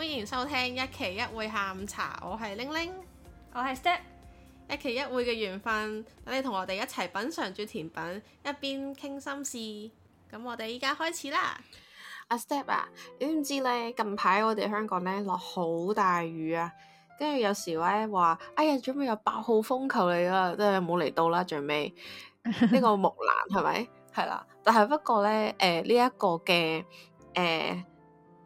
歡迎收聽一期一會下午茶，我係玲玲，我係 Step，一期一會嘅緣分，等你同我哋一齊品嘗住甜品，一邊傾心事。咁我哋依家開始啦。阿 Step 啊，你知唔知咧？近排我哋香港咧落好大雨啊，跟住有時咧話哎呀，準備有八號風球嚟，啦，都係冇嚟到啦，最尾呢個木蘭係咪？係啦，但係不過咧，誒呢一個嘅誒。呃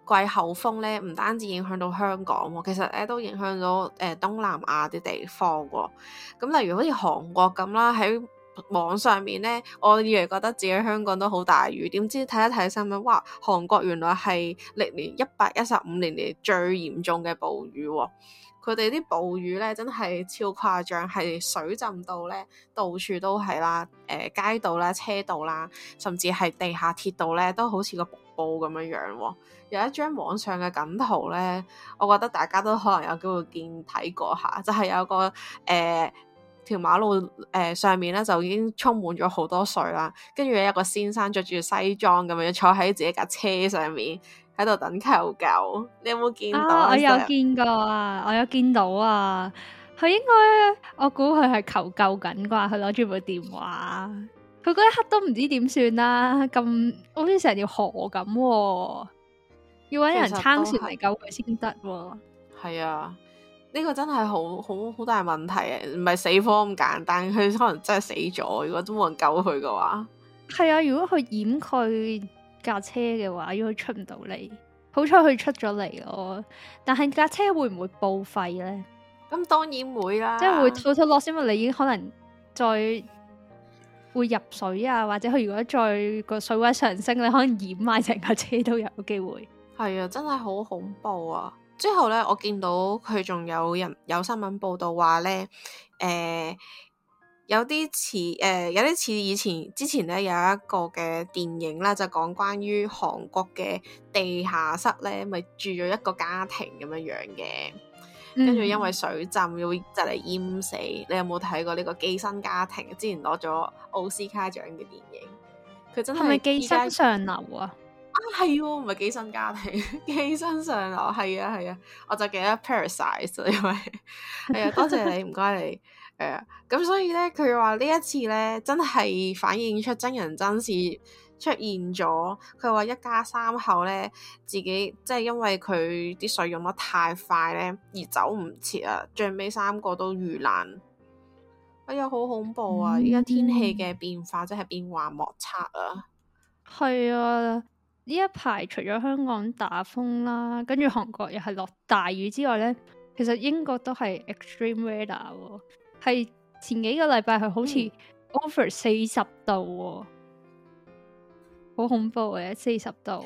季候風咧，唔單止影響到香港喎，其實咧都影響到誒、呃、東南亞啲地方喎、哦。咁、嗯、例如好似韓國咁啦，喺網上面咧，我以為覺得自己香港都好大雨，點知睇一睇新聞，哇！韓國原來係歷年一百一十五年嚟最嚴重嘅暴雨、哦，佢哋啲暴雨咧真係超誇張，係水浸到咧，到處都係啦，誒、呃、街道啦、車道啦，甚至係地下鐵道咧，都好似個。報咁樣樣、哦，有一張網上嘅梗圖咧，我覺得大家都可能有機會見睇過下，就係、是、有個誒條、呃、馬路誒、呃、上面咧就已經充滿咗好多水啦，跟住咧有一個先生着住西裝咁樣坐喺自己架車上面喺度等求救，你有冇見到、啊啊？我有見過啊，我有見到啊，佢應該我估佢係求救緊啩，佢攞住部電話。佢嗰一刻都唔知點算啦，咁好似成條河咁、啊，要揾人撐船嚟救佢先得。係啊，呢、啊這個真係好好好大問題啊！唔係死火咁簡單，佢可能真係死咗。如果都冇人救佢嘅話，係啊。如果佢掩蓋架車嘅話，如果出唔到嚟，好彩佢出咗嚟咯。但係架車會唔會報廢咧？咁、嗯、當然會啦，即係會偷偷落，因為你已經可能再。會入水啊，或者佢如果再個水位上升，你可能淹埋成架車都有機會。係啊，真係好恐怖啊！之後呢，我見到佢仲有人有新聞報道話呢，誒、呃，有啲似誒，有啲似以前之前咧有一個嘅電影啦，就講關於韓國嘅地下室咧，咪、就是、住咗一個家庭咁樣樣嘅。嗯、跟住因為水浸要就嚟淹死，你有冇睇過呢個寄生家庭？之前攞咗奧斯卡獎嘅電影，佢真係寄生上流啊！係咪寄生上流啊，係唔係寄生家庭？ 寄生上流係啊係啊，我就記得 Parasite，因為係 啊，多謝，謝你，唔該 你誒，咁、uh, 所以咧，佢話呢一次咧，真係反映出真人真事。出現咗，佢話一家三口咧，自己即係因為佢啲水用得太快咧，而走唔切啊！最尾三個都遇難，哎呀，好恐怖啊！依家天氣嘅變化真係變幻莫測、嗯、啊！係啊，呢一排除咗香港打風啦、啊，跟住韓國又係落大雨之外咧，其實英國都係 extreme weather 喎、啊，係前幾個禮拜係好似、嗯、over 四十度喎、啊。好恐怖嘅四十度，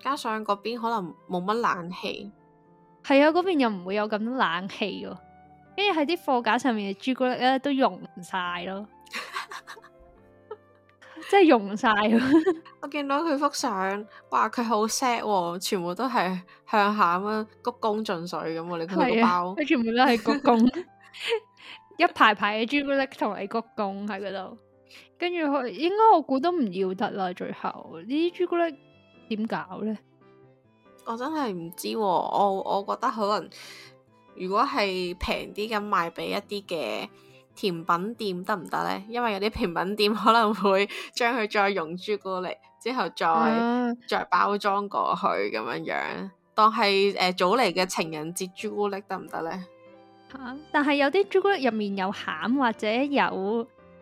加上嗰邊可能冇乜冷氣，係啊，嗰邊又唔會有咁多冷氣哦。跟住喺啲貨架上面嘅朱古力咧都溶晒咯，即係溶晒。 我見到佢幅相，哇！佢好 sad，、啊、全部都係向下咁樣鞠躬盡瘁咁。我哋佢個包，佢、啊、全部都係鞠躬， 一排排嘅朱古力同你鞠躬喺嗰度。跟住，佢應該我估都唔要得啦。最後呢啲朱古力點搞咧、啊？我真係唔知，我我覺得可能如果係平啲咁賣俾一啲嘅甜品店得唔得咧？因為有啲甜品店可能會將佢再用朱古力之後再、啊、再包裝過去咁樣樣，當係誒、呃、早嚟嘅情人節朱古力得唔得咧？吓！但係有啲朱古力入面有餡或者有。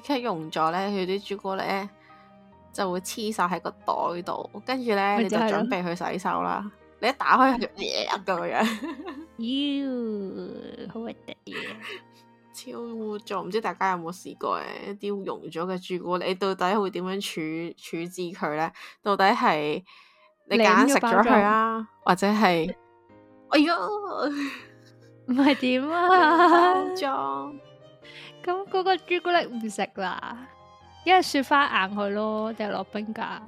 佢佢溶咗咧，佢啲朱古力咧就會黐晒喺個袋度，跟住咧你就準備去洗手啦。你一打開，佢嘢啊咁樣，超污糟！唔知大家有冇試過咧？一啲溶咗嘅朱古力，你到底會點樣處處置佢咧？到底係你揀食咗佢啊，或者係哎唷，唔係點啊？咁嗰、嗯那個朱古力唔食啦，因係雪花硬佢咯，定係落冰架？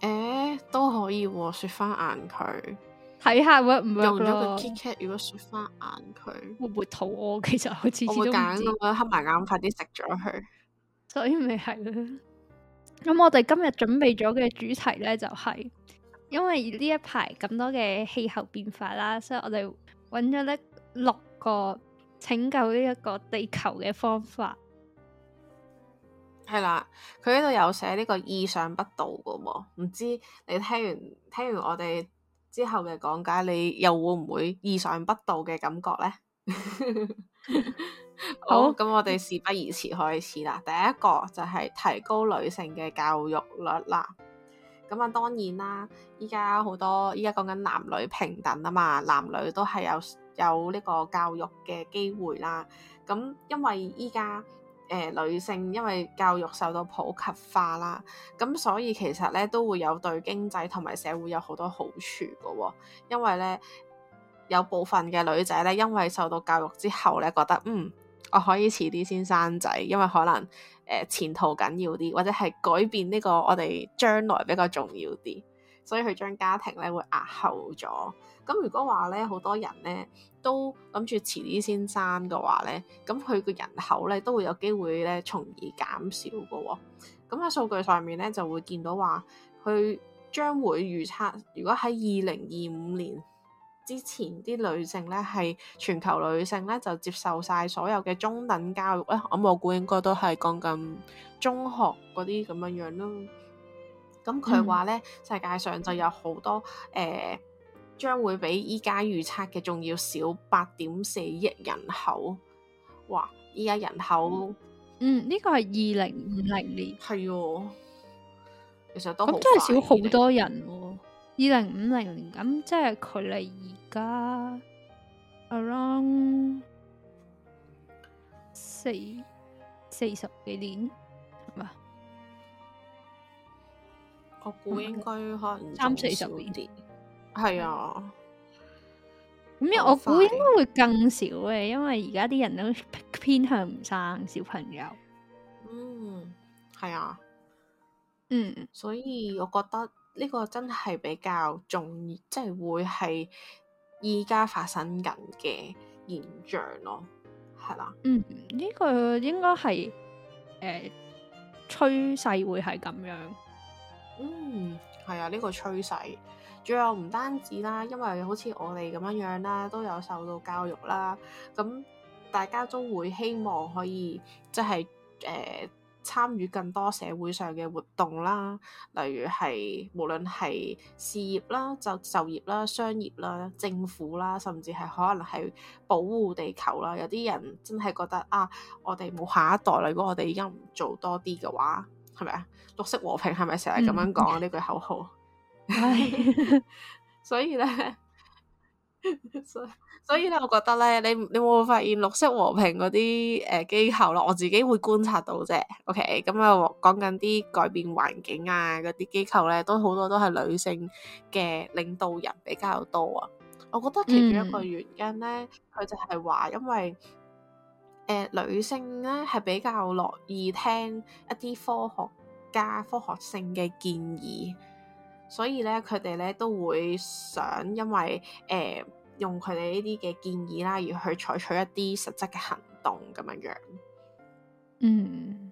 誒、欸，都可以喎，雪花硬佢，睇下會唔會用咗個 KitKat？如果雪花硬佢，會唔會肚屙？其實我次次都咁樣黑埋眼，快啲食咗佢。所以咪係咯。咁、 嗯、我哋今日準備咗嘅主題咧、就是，就係因為呢一排咁多嘅氣候變化啦，所以我哋揾咗呢六個。拯救呢一個地球嘅方法係啦，佢呢度有寫呢個意想不到嘅喎，唔知你聽完聽完我哋之後嘅講解，你又會唔會意想不到嘅感覺呢？ 好，咁 好我哋事不宜遲，開始啦。 第一個就係提高女性嘅教育率啦。咁啊，當然啦，依家好多依家講緊男女平等啊嘛，男女都係有。有呢個教育嘅機會啦，咁因為依家誒女性因為教育受到普及化啦，咁所以其實咧都會有對經濟同埋社會有好多好處嘅喎、哦，因為咧有部分嘅女仔咧因為受到教育之後咧，覺得嗯，我可以遲啲先生仔，因為可能誒、呃、前途緊要啲，或者係改變呢個我哋將來比較重要啲。所以佢將家庭咧會壓後咗。咁如果話咧，好多人咧都諗住遲啲先生嘅話咧，咁佢個人口咧都會有機會咧從而減少嘅喎、哦。咁喺數據上面咧就會見到話，佢將會預測，如果喺二零二五年之前啲女性咧係全球女性咧就接受晒所有嘅中等教育咧、哎，咁我估應該都係講緊中學嗰啲咁樣樣咯。咁佢話咧，世界上就有好多誒、呃，將會比依家預測嘅仲要少八點四億人口。哇！依家人口，嗯，呢、這個係二零五零年，係哦、嗯這個嗯，其實都、嗯、真係少好多人喎、哦。二零五零年，咁、嗯、即係距離而家 around 四四十幾年。我估應該可能少三四十年啲，係啊。咁樣、嗯、我估應該會更少嘅，因為而家啲人都偏向唔生小朋友。嗯，係啊。嗯，所以我覺得呢個真係比較重要，即、就、係、是、會係依家發生緊嘅現象咯。係啦、啊，嗯，呢、這個應該係誒趨勢會係咁樣。嗯，係啊，呢個趨勢，仲有唔單止啦，因為好似我哋咁樣樣啦，都有受到教育啦，咁大家都會希望可以即係誒參與更多社會上嘅活動啦，例如係無論係事業啦、就就業啦、商業啦、政府啦，甚至係可能係保護地球啦。有啲人真係覺得啊，我哋冇下一代啦，如果我哋而家唔做多啲嘅話。係咪啊？綠色和平係咪成日咁樣講呢句口號？所以咧，所以咧，我覺得咧，你你有冇發現綠色和平嗰啲誒機構咯？我自己會觀察到啫。OK，咁啊，講緊啲改變環境啊嗰啲機構咧，都好多都係女性嘅領導人比較多啊。我覺得其中一個原因咧，佢就係話因為。誒、呃，女性咧係比較樂意聽一啲科學家科學性嘅建議，所以咧佢哋咧都會想因為誒、呃、用佢哋呢啲嘅建議啦，而去採取一啲實質嘅行動咁樣樣。嗯，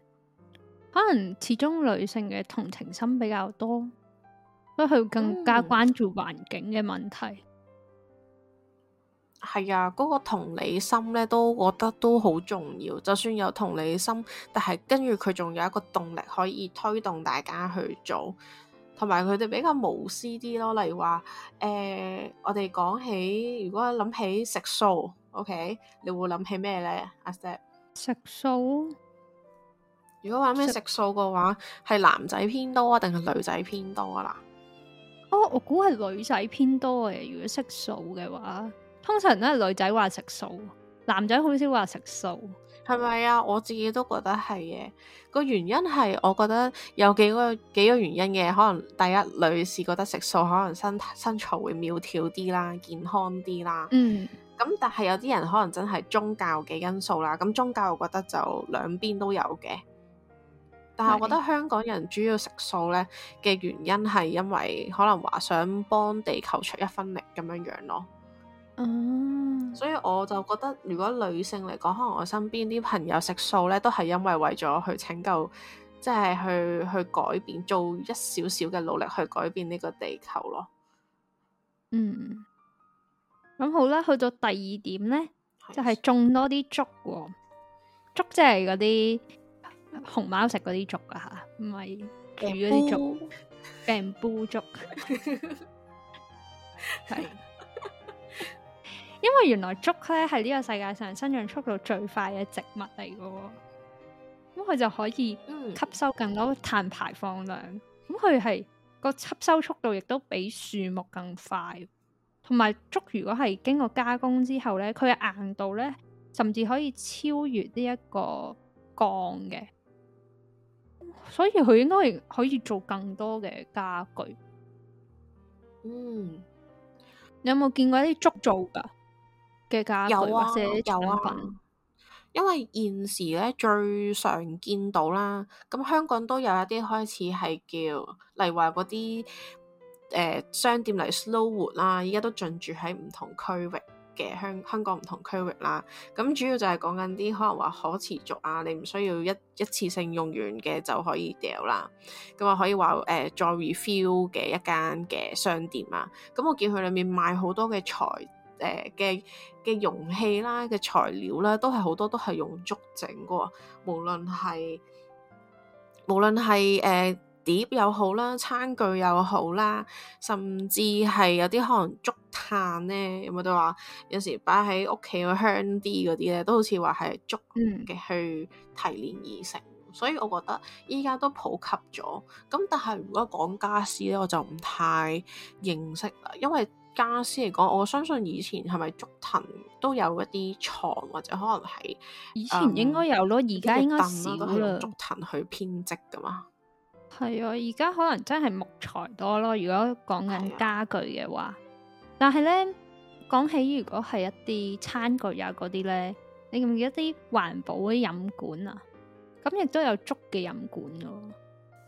可能始終女性嘅同情心比較多，因為佢更加關注環境嘅問題。嗯係啊，嗰個同理心咧，都覺得都好重要。就算有同理心，但係跟住佢仲有一個動力可以推動大家去做，同埋佢哋比較無私啲咯。例如話誒，我哋講起如果諗起食素，OK，你會諗起咩咧？阿 Sir 食素，如果話咩食素嘅話，係食男仔偏多啊，定係女仔偏多啦？哦，我估係女仔偏多嘅。如果食素嘅話。通常都係女仔話食素，男仔好少話食素，係咪啊？我自己都覺得係嘅。個原因係，我覺得有幾個幾個原因嘅。可能第一，女士覺得食素可能身身材會苗條啲啦，健康啲啦。嗯，咁但係有啲人可能真係宗教嘅因素啦。咁宗教，我覺得就兩邊都有嘅。但係我覺得香港人主要食素咧嘅原因係因為可能話想幫地球出一分力咁樣樣咯。嗯， 所以我就覺得，如果女性嚟講，可能我身邊啲朋友食素咧，都係因為為咗去拯救，即係去去改變，做一少少嘅努力去改變呢個地球咯。嗯，咁好啦，去到第二點咧，就係、是、種多啲竹、哦、竹、竹，竹即係嗰啲熊貓食嗰啲竹啊，吓唔係煮嗰啲竹，bamboo 竹係。因為原來竹咧係呢個世界上生長速度最快嘅植物嚟嘅哦，咁佢就可以吸收更多碳排放量。咁佢係個吸收速度亦都比樹木更快。同埋，竹如果係經過加工之後咧，佢嘅硬度咧甚至可以超越呢一個鋼嘅，所以佢應該係可以做更多嘅家具。嗯，你有冇見過啲竹做噶？有啊，有啊，因為現時咧最常見到啦，咁香港都有一啲開始係叫，例如話嗰啲誒商店嚟 Slowood 啦，依家都進駐喺唔同區域嘅香香港唔同區域啦。咁主要就係講緊啲可能話可持續啊，你唔需要一一次性用完嘅就可以掉啦，咁啊可以話誒、呃、再 refill 嘅一間嘅商店啊。咁我見佢裏面賣好多嘅材。誒嘅嘅容器啦，嘅材料啦，都係好多都係用竹整嘅喎。無論係無論係、呃、碟又好啦，餐具又好啦，甚至係有啲可能竹炭咧，有冇都話有時擺喺屋企會香啲嗰啲咧，都好似話係竹嘅去提煉而成。嗯、所以我覺得依家都普及咗。咁但係如果講家私咧，我就唔太認識啦，因為。家私嚟講，我相信以前係咪竹藤都有一啲床，或者可能係以前應該有咯，而家應該少啦。係用竹藤去編織噶嘛？係啊，而家可能真係木材多咯。如果講緊家具嘅話，的但係咧，講起如果係一啲餐具啊嗰啲咧，你記唔記得啲環保啲飲管啊？咁亦都有竹嘅飲管咯，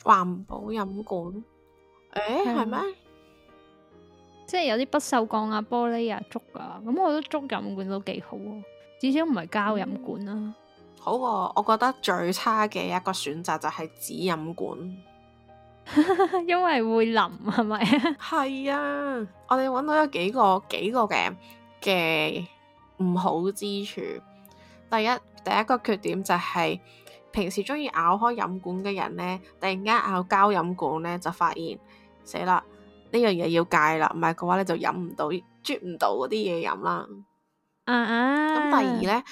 環保飲管，誒係咩？的即係有啲不鏽鋼啊、玻璃啊、竹啊，咁我覺得竹飲管都幾好、啊，至少唔係膠飲管啦。好、啊，我覺得最差嘅一個選擇就係紙飲管， 因為會腍係咪啊？係 啊，我哋揾到咗幾個幾個嘅嘅唔好之處。第一，第一個缺點就係、是、平時鍾意咬開飲管嘅人呢，突然間咬膠飲管呢，就發現死啦。呢樣嘢要戒啦，唔係嘅話你就飲唔到啜唔到嗰啲嘢飲啦。啊啊！咁第二咧，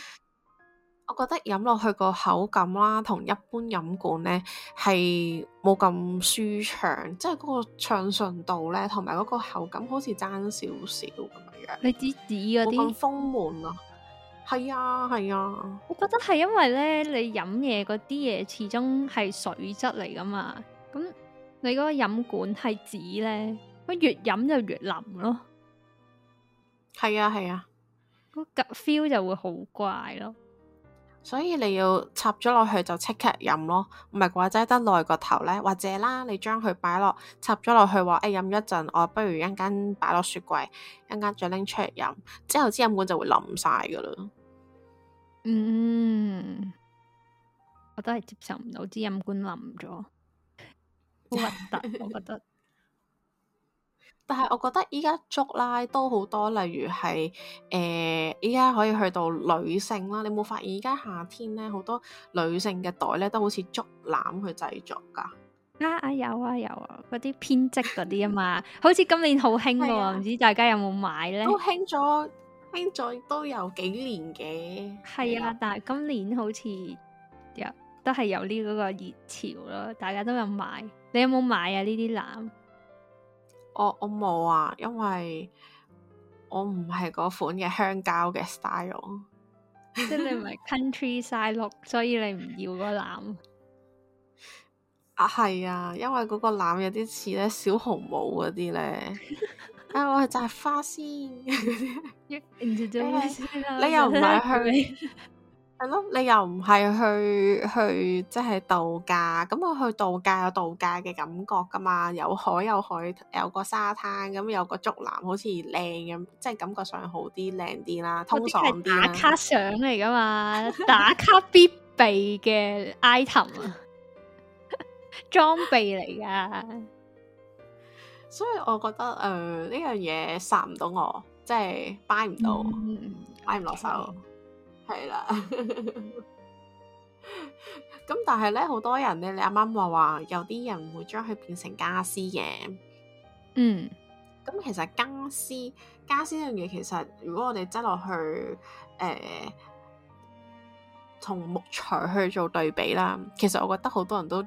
我覺得飲落去個口感啦、啊，同一般飲管咧係冇咁舒暢，即係嗰個暢順度咧，同埋嗰個口感好似爭少少咁樣。你指指嗰啲，冇咁豐滿啊！係啊係啊，啊我覺得係因為咧，你飲嘢嗰啲嘢始終係水質嚟噶嘛，咁你嗰個飲管係紙咧。越飲就越腍咯，係啊係啊，啊個 feel 就會好怪咯。所以你要插咗落去就即刻飲咯，唔係嘅話齋得耐個頭咧，或者啦，你將佢擺落插咗落去話，誒、欸、飲一陣，我不如一間擺落雪櫃，一間再拎出嚟飲，之後支飲管就會腍晒噶啦。嗯，我都係接受唔到支飲管腍咗，好核突， 我覺得。但係我覺得依家竹籃都好多，例如係誒依家可以去到女性啦。你冇發現，依家夏天咧好多女性嘅袋咧都好似竹籃去製作㗎？啊啊有啊有啊，嗰啲，啊、編織嗰啲啊嘛， 好似今年好興喎，唔、啊、知大家有冇買咧？都興咗，興咗都有幾年嘅。係啊，啊，但係今年好似有都係有呢嗰個熱潮咯，大家都有買。你有冇買啊呢啲籃？我我冇啊，因為我唔係嗰款嘅香蕉嘅 style，即係你唔係 countryside look，所以你唔要嗰籃。 啊，係啊，因為嗰個籃有啲似咧小紅帽嗰啲咧，啊、 哎，我係摘花仙，你又唔係去。 係咯，你又唔係去去即係度假，咁我去度假有度假嘅感覺噶嘛，有海有海，有個沙灘，咁有個竹林，好似靚咁，即係感覺上好啲，靚啲啦，通爽啲啦。嗰啲係打卡相嚟噶嘛，打卡必備嘅 item 啊，裝備嚟噶。所以我覺得誒呢樣嘢殺唔到我，即係 buy 唔到，buy 唔落手。係啦，咁 但係咧，好多人咧，你啱啱話話有啲人會將佢變成家私嘅，嗯，咁其實家私家私呢樣嘢，其實如果我哋真落去誒，同、呃、木材去做對比啦，其實我覺得好多人都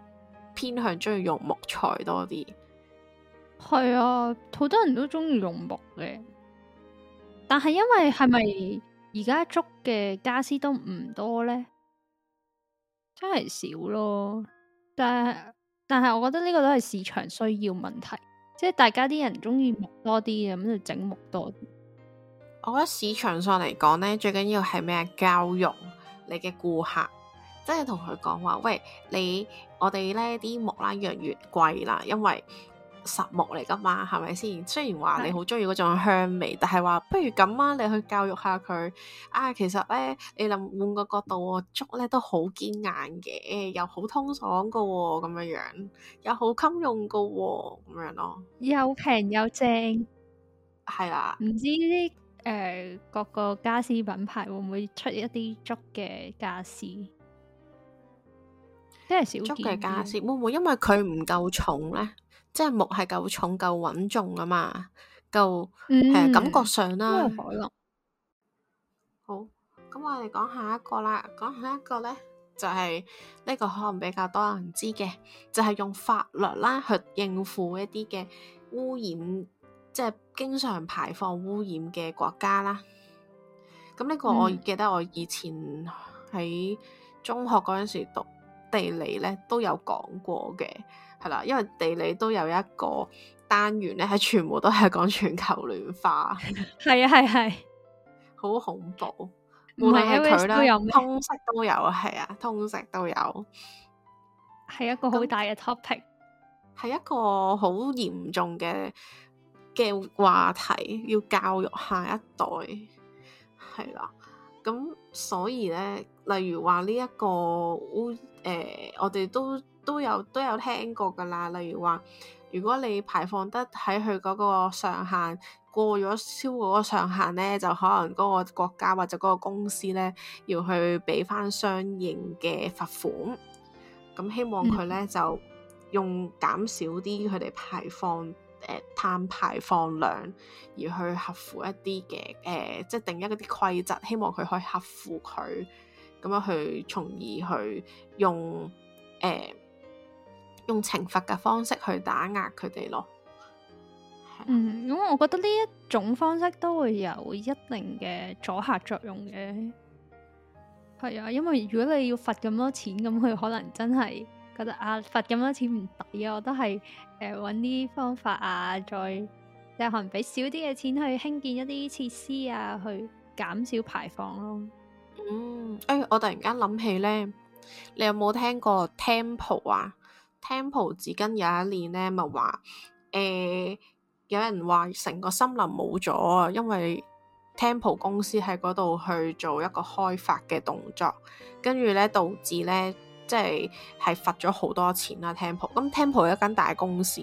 偏向中意用木材多啲，係啊，好多人都中意用木嘅，但係因為係咪？是 而家捉嘅家私都唔多呢，真係少咯。但係但係，我覺得呢個都係市場需要問題，即係大家啲人中意木多啲嘅，咁就整木多啲。我覺得市場上嚟講呢最緊要係咩啊？教育你嘅顧客，即係同佢講話，喂，你我哋呢啲木啦，越嚟越貴啦，因為，實木嚟噶嘛，係咪先？吧雖然話你好中意嗰種香味，的但係話不如咁啊，你去教育下佢啊。其實咧，你諗換個角度，竹咧都好堅硬嘅，又好通爽噶、哦，咁樣樣又好襟用噶，咁樣咯，又平、哦啊、又，又正，係啦的。唔知呢啲誒、呃、各個家私品牌會唔會出一啲竹嘅家私？即係小竹嘅家私會唔會因為佢唔夠重咧？即係木係夠重、夠穩重㗎嘛，夠係、嗯呃、感覺上啦、啊。嗯、好，咁我哋講下一個啦，講下一個咧就係、是、呢個可能比較多人知嘅，就係、是、用法律啦去應付一啲嘅污染，即、就、係、是、經常排放污染嘅國家啦。咁呢個我記得我以前喺中學嗰陣時讀地理咧都有講過嘅。係啦，因為地理都有一個單元咧，係全部都係講全球暖化。係啊， 係係，好恐怖。無論係佢啦，都有，通識都有，係啊，通識都有，係一個好大嘅 topic，係一個好嚴重嘅嘅話題，要教育下一代。係啦，咁所以咧，例如話呢一個誒、呃，我哋都。都有都有聽過㗎啦，例如話，如果你排放得喺佢嗰個上限過咗超過嗰上限呢，就可能嗰個國家或者嗰個公司呢，要去俾翻相應嘅罰款。咁、嗯、希望佢呢，就用減少啲佢哋排放，碳、呃、排放量，而去合乎一啲嘅誒，即係定一嗰啲規則，希望佢可以合乎佢咁樣去，從而去用誒。呃用懲罰嘅方式去打壓佢哋咯。嗯，咁我覺得呢一種方式都會有一定嘅阻嚇作用嘅。係啊，因為如果你要罰咁多錢，咁佢可能真係覺得啊，罰咁多錢唔抵啊。我都係誒揾啲方法啊，再即可能俾少啲嘅錢去興建一啲設施啊，去減少排放咯。嗯，哎、欸，我突然間諗起咧，你有冇聽過 temple 啊？Tempo 至今有一年咧，咪話誒有人話成個森林冇咗啊，因為 Tempo 公司喺嗰度去做一個開發嘅動作，跟住咧導致咧即係係罰咗好多錢啦。Tempo 咁 Tempo 一間大公司，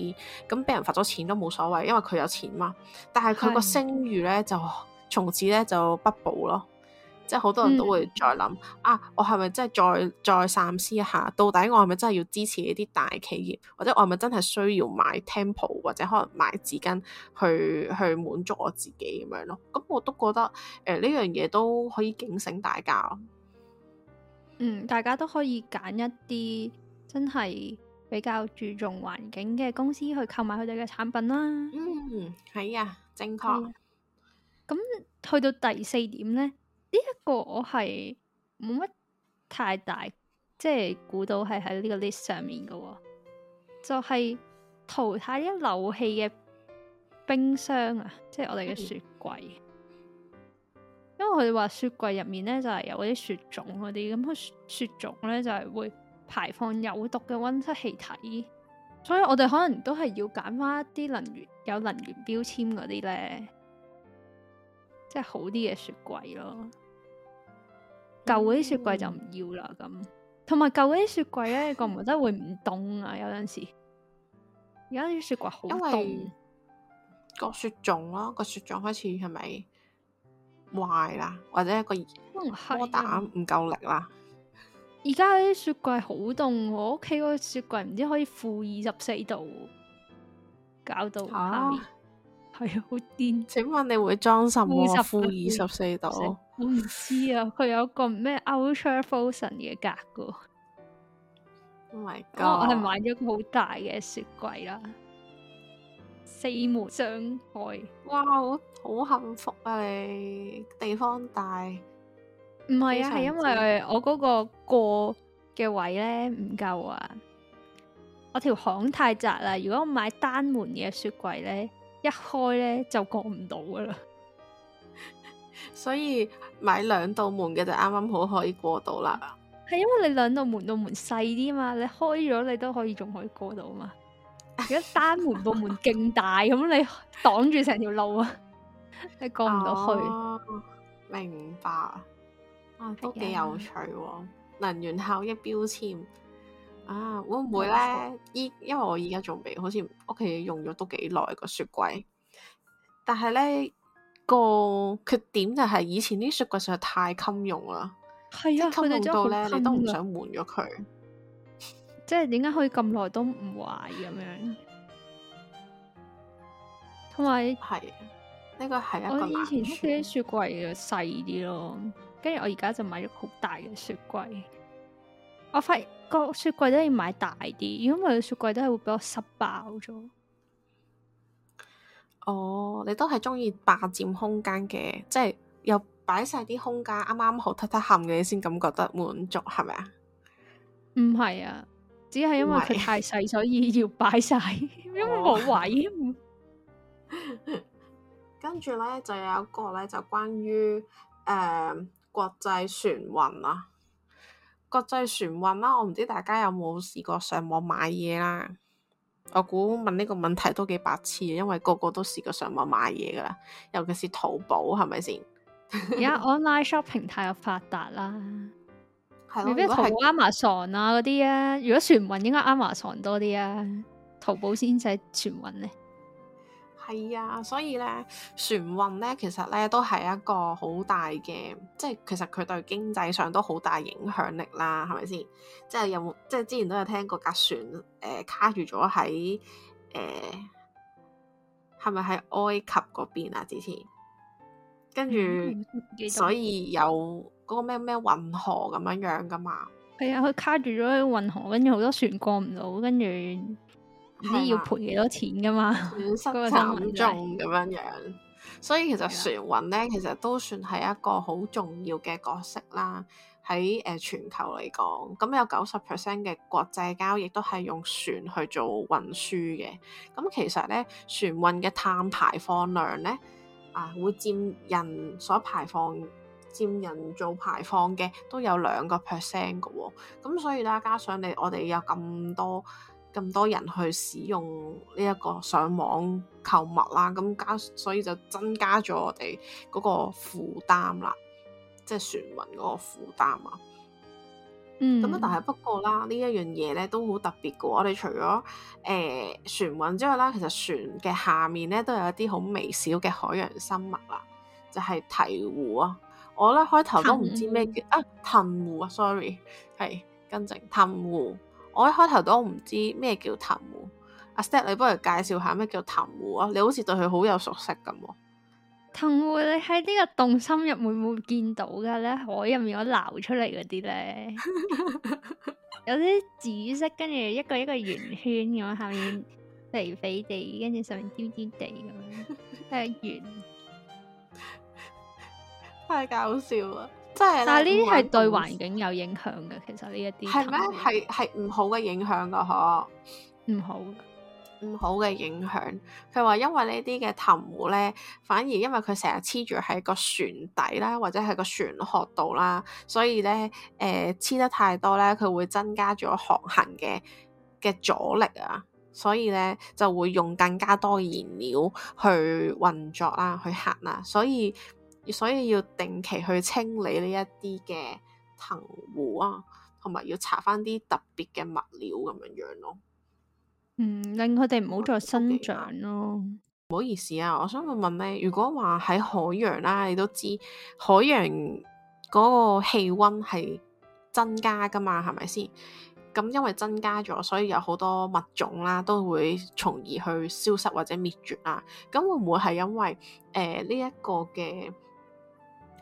咁俾人罰咗錢都冇所謂，因為佢有錢嘛。但係佢個聲譽咧是就從此咧就不保咯。即係好多人都會再諗、嗯、啊，我係咪真係再再三思一下，到底我係咪真係要支持呢啲大企業，或者我係咪真係需要買 Tempo 或者可能買紙巾去去滿足我自己咁樣咯？咁我都覺得誒呢樣嘢都可以警醒大家。嗯，大家都可以揀一啲真係比較注重環境嘅公司去購買佢哋嘅產品啦。嗯，係啊，正確。咁、啊、去到第四點呢。我係冇乜太大，即係估到係喺呢個 list 上面嘅，就係、是、淘汰一漏氣嘅冰箱啊，即係我哋嘅雪櫃。嗯、因為佢哋話雪櫃入面咧就係、是、有啲雪種嗰啲，咁、那、佢、個、雪種咧就係、是、會排放有毒嘅温室氣體，所以我哋可能都係要揀翻一啲能源有能源標籤嗰啲咧，即係好啲嘅雪櫃咯。舊嗰啲雪櫃就唔要啦，咁同埋舊嗰啲雪櫃咧，個毛都會唔凍啊！有陣時而家啲雪櫃好凍，個雪種咯，個雪種開始係咪壞啦？或者、個摩打唔夠力啦？而家啲雪櫃好凍，我屋企個雪櫃唔知可以負二十四度，搞到下面係好癲。請問你會裝什麼？負二十四度，四度 我唔知啊。佢有一個咩 Ultra Fashion 嘅格噶。Oh my god！哦，我係買咗個好大嘅雪櫃啦，四門雙開。哇好，好幸福啊！你地方大唔係啊？係因為我嗰個過嘅位咧唔夠啊，我條巷太窄啦。如果我買單門嘅雪櫃咧。一開咧就過唔到噶啦，所以買兩道門嘅，就啱啱好可以過到啦。係因為你兩道門，道門細啲嘛，你開咗你都可以仲可以過到嘛。而家單門道 門勁大，咁，你擋住成條路啊，你過唔到去。哦，明白啊，都幾有趣。哎、呀能源效益標籤。啊，會唔會咧？依、嗯、因為我而家仲未，好似屋企用咗都幾耐個雪櫃，但係咧、個缺點就係以前啲雪櫃實在太襟用啦，即係襟用到咧，你都唔想換咗佢。即係點解可以咁耐都唔壞咁樣？同埋係呢個係一個我以前啲雪櫃嘅細啲咯，跟住我而家就買咗好大嘅雪櫃。我發現個雪櫃都要買大啲，如果唔係個雪櫃都係會俾我濕爆咗。哦，oh, 你都係中意霸佔空間嘅，即係又擺晒啲空間，啱啱好突突冚嘅，你先感覺得滿足，係咪啊？唔係啊，只係因為佢太細， 所以要擺晒，因為冇位。Oh. 跟住咧，就有一個咧就關於誒、呃、國際船運啊。國際船運啦，我唔知大家有冇試過上網買嘢啦。我估問呢個問題都幾白痴，因為個個都試過上網買嘢噶啦，尤其是淘寶，係咪先？而家在 online shopping 太有發達啦，的未必淘寶 Amazon 啊嗰啲啊。如果船運應該 Amazon 多啲啊，淘寶先使船運咧。係啊、哎，所以咧，船運咧，其實咧都係一個好大嘅，即係其實佢對經濟上都好大影響力啦，係咪先？即係有冇？即係之前都有聽過架船誒、呃、卡住咗喺誒，係咪喺埃及嗰邊啊？之前跟住、嗯嗯、所以有嗰個咩咩運河咁樣樣噶嘛？係啊，佢卡住咗喺運河，跟住好多船過唔到，跟住。你要賠幾多錢㗎嘛？損失慘重咁樣樣、 就是，所以其實船運咧，其實都算係一個好重要嘅角色啦。喺誒、呃、全球嚟講，咁有九十 percent 嘅國際交易都係用船去做運輸嘅。咁其實咧，船運嘅碳排放量咧，啊，會佔人所排放、佔人造排放嘅都有兩個 percent 嘅喎。咁、哦、所以咧，加上你我哋有咁多。咁多人去使用呢一個上網購物啦，咁加所以就增加咗我哋嗰個負擔啦，即係船運嗰個負擔啊。嗯，咁啊，但係不過啦，一呢一樣嘢咧都好特別嘅。我哋除咗誒、呃、船運之外啦，其實船嘅下面咧都有一啲好微小嘅海洋生物啦，就係、是、藤壺啊。我咧開頭都唔知咩叫藤啊，藤壺啊，sorry，係 更正藤壺。我一開頭都唔知咩叫藤壺，阿 Step 你不如介紹下咩叫藤壺啊？你好似對佢好有熟悉咁。藤壺，你喺呢個洞心入面會唔會見到噶咧？海入面我撈出嚟嗰啲咧， 有啲紫色，跟住，一個一個圓圈咁，下面肥肥地，跟住上面尖尖地咁樣，即、呃、係圓，太搞笑啦、 啊！但係呢啲係對環境有影響嘅，其實呢一啲係咩？係係唔好嘅影響㗎，嗬？唔好，唔好嘅影響。佢話因為騰騰呢啲嘅藤壺咧，反而因為佢成日黐住喺個船底啦，或者係個船殼度啦，所以咧，誒黐得太多咧，佢會增加咗航行嘅嘅阻力啊，所以咧就會用更加多燃料去運作啦，去行啦，所以。所以要定期去清理呢一啲嘅藤壺啊，同埋要查翻啲特別嘅物料咁樣樣咯。嗯，令佢哋唔好再生長咯。唔、嗯、好意思啊，我想問問你，如果話喺海洋啦、啊，你都知海洋嗰個氣溫係增加噶嘛，係咪先？咁因為增加咗，所以有好多物種啦、啊、都會從而去消失或者滅絕啊。咁會唔會係因為誒呢一個嘅？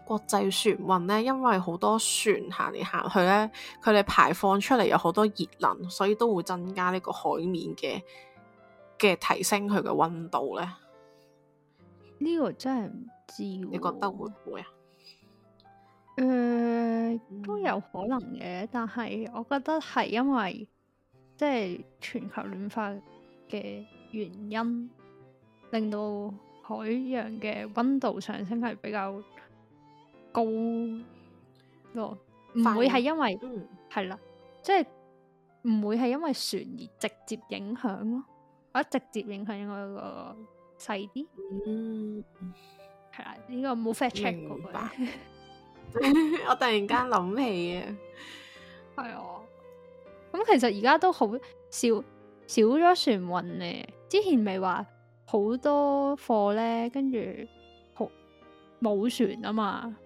國際船運咧，因為好多船行嚟行去咧，佢哋排放出嚟有好多熱能，所以都會增加呢個海面嘅嘅提升佢嘅溫度咧。呢個真係唔知、哦，你覺得會唔會啊？誒、呃，都有可能嘅，但係我覺得係因為即係、就是、全球暖化嘅原因，令到海洋嘅溫度上升係比較高咯，唔、oh, Fine. 會係因為係啦，即係唔會係因為船而直接影響咯，我、啊、直接影響應該個細啲，係啦，呢個冇 fact check 個，我突然間諗起啊，係啊， 咁其實而家都好少少咗船運咧，之前咪話好多貨咧，跟住冇船啊嘛。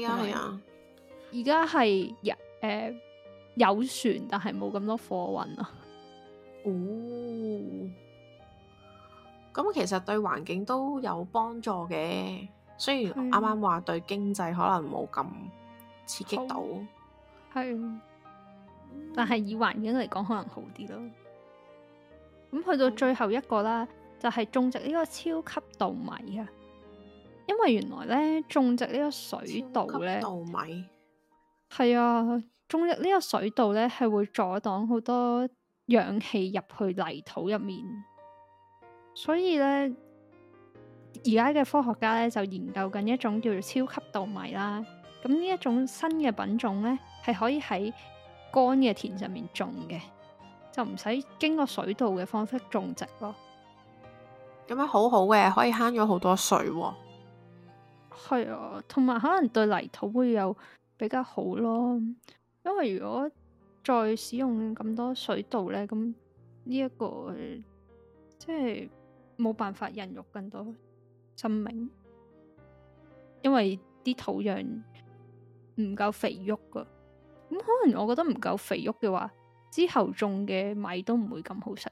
係啊係啊，而家係誒有船，但係冇咁多貨運啊。哦，咁其實對環境都有幫助嘅，雖然啱啱話對經濟可能冇咁刺激到。係、嗯，但係以環境嚟講，可能好啲咯。咁去到最後一個啦，就係、是、種植呢個超級稻米啊。因為原來咧種植呢個水稻咧，稻米，係啊，種植呢個水稻咧係會阻擋好多氧氣入去泥土入面，所以咧而家嘅科學家咧就研究緊一種叫做超級稻米啦。咁呢一種新嘅品種咧係可以喺乾嘅田上面種嘅，就唔使經過水稻嘅方式種植咯。咁樣好好嘅，可以慳咗好多水哦。係啊，同埋可能對泥土會有比較好咯。因為如果再使用咁多水稻咧，咁呢一個即係冇辦法孕育更多生命，因為啲土壤唔夠肥沃噶。咁、嗯、可能我覺得唔夠肥沃嘅話，之後種嘅米都唔會咁好食。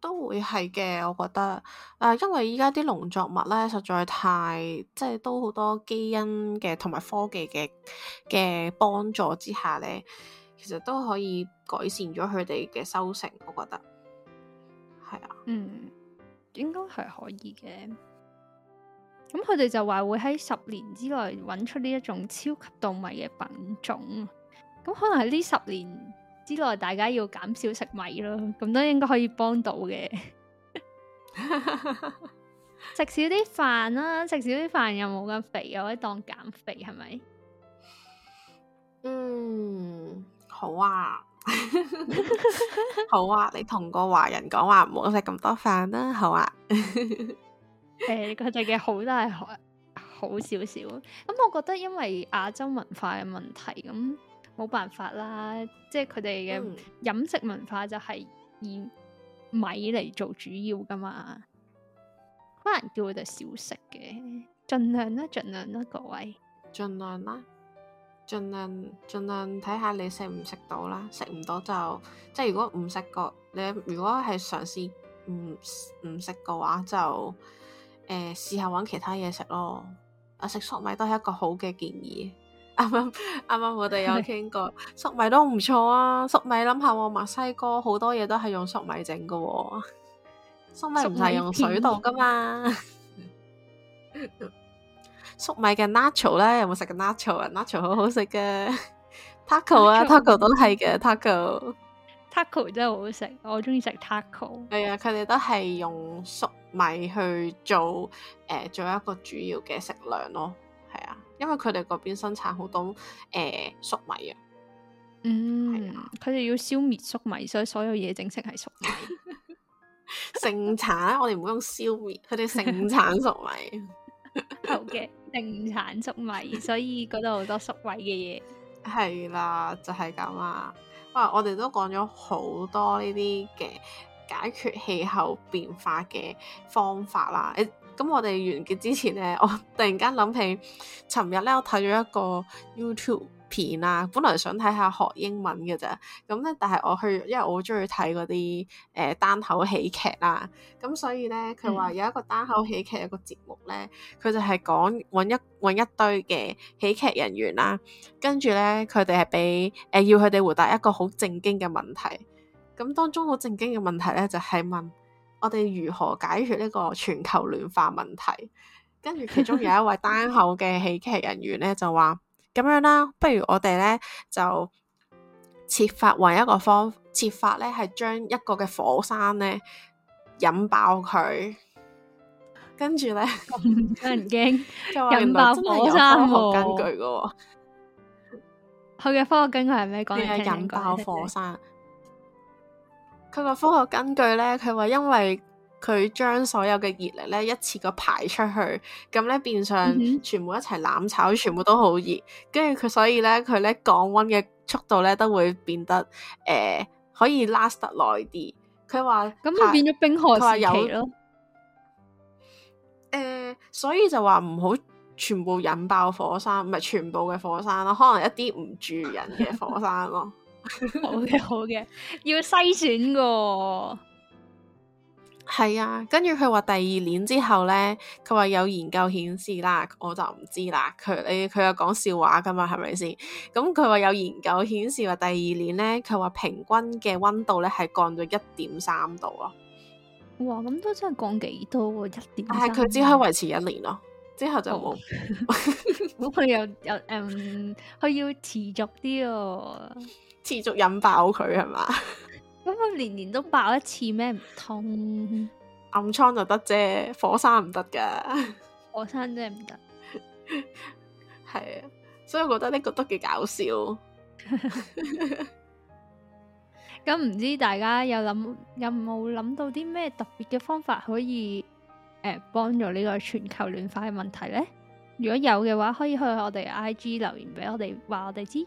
都會係嘅，我覺得，誒、啊，因為依家啲農作物咧實在太，即係都好多基因嘅同埋科技嘅嘅幫助之下咧，其實都可以改善咗佢哋嘅收成，我覺得係啊，嗯，應該係可以嘅。咁佢哋就話會喺十年之內揾出呢一種超級稻米嘅品種，咁可能喺呢十年。之內大家要減少食米咯，咁都應該可以幫到嘅。食 少啲飯啦，食少啲飯又冇咁肥，又可以當減肥，係咪？是是嗯，好啊， 好啊，你同個華人講話唔好食咁多飯啦，啊，好啊。誒、 欸，佢哋嘅好都係好少少，咁我覺得因為亞洲文化嘅問題咁。冇辦法啦，即係佢哋嘅飲食文化就係以米嚟做主要噶嘛，可能叫佢哋少食嘅，盡量啦，盡量啦，各位，盡量啦，盡量盡量睇下你食唔食到啦，食唔到就即係如果唔食個你，如果係嘗試唔唔食嘅話就誒，試下搵其他嘢食咯，啊食粟米都係一個好嘅建議。啱啱啱啱，我哋有傾過粟米都唔錯啊！粟米諗下，我墨西哥好多嘢都係用粟米整噶，粟米唔係用水稻噶嘛？粟米嘅 nacho 咧，有冇食過 nacho 啊？nacho 好好食嘅 taco 啊，taco 都係嘅 taco，taco 真係好好食，我中意食 taco。係啊，佢哋都係用粟米去做誒、呃，做一個主要嘅食糧咯。因為佢哋嗰邊生產好多誒粟、欸、米啊，嗯，佢哋、啊、要消滅粟米，所以所有嘢正式係粟米。盛產，我哋唔好用消滅，佢哋盛產粟米。好嘅，盛產粟米，所以嗰度好多粟米嘅嘢。係啦、 啊，就係咁啦。哇，我哋都講咗好多呢啲嘅解決氣候變化嘅方法啦。咁我哋完結之前咧，我突然間諗起，尋日咧我睇咗一個 YouTube 片啦，本來想睇下學英文嘅咋咁咧，但係我去，因為我好中意睇嗰啲誒單口喜劇啦、啊，咁所以咧佢話有一個單口喜劇一個節目咧，佢就係講揾一揾一堆嘅喜劇人員啦、啊，跟住咧佢哋係俾誒、呃、要佢哋回答一個好正經嘅問題，咁當中好正經嘅問題咧就係、是、問。我哋如何解決呢個全球暖化問題？跟住其中有一位單口嘅喜劇人員咧， 就話咁樣啦，不如我哋咧就設法揾一個方設法咧，係將一個嘅火山咧引爆佢。跟住咧咁驚就引爆火山喎？根據嘅佢嘅科學根據係咩？講緊引爆火山。佢個科學根據咧，佢話因為佢將所有嘅熱力咧一次過排出去，咁咧變相全部一齊攬炒，全部都好熱。跟住佢所以咧，佢咧降溫嘅速度咧都會變得誒、呃、可以 last 得耐啲。佢話咁就變咗冰河時期咯。誒、呃，所以就話唔好全部引爆火山，唔係全部嘅火山咯，可能一啲唔住人嘅火山咯。 好嘅，好嘅，要篩選噶，係 啊。跟住佢話第二年之後咧，佢話有研究顯示啦，我就唔知啦。佢誒，佢又講笑話噶嘛，係咪先？咁佢話有研究顯示話第二年咧，佢話平均嘅溫度咧係降咗一點三度咯。哇，咁都真係降幾多、啊？一點，但係佢只可以維持一年咯，之後就冇。冇佢又又嗯，佢、 哦 um, 要持續啲哦、啊。持續引爆佢係嘛？咁我年年都爆一次咩？唔通暗瘡就得啫，火山唔得噶火山真係唔得。係啊，所以我覺得呢個都幾搞笑。咁 唔、 嗯、知大家有諗有冇諗到啲咩特別嘅方法可以誒幫、呃、助呢個全球暖化嘅問題咧？如果有嘅話，可以去我哋 IG 留言俾我哋，話我哋知。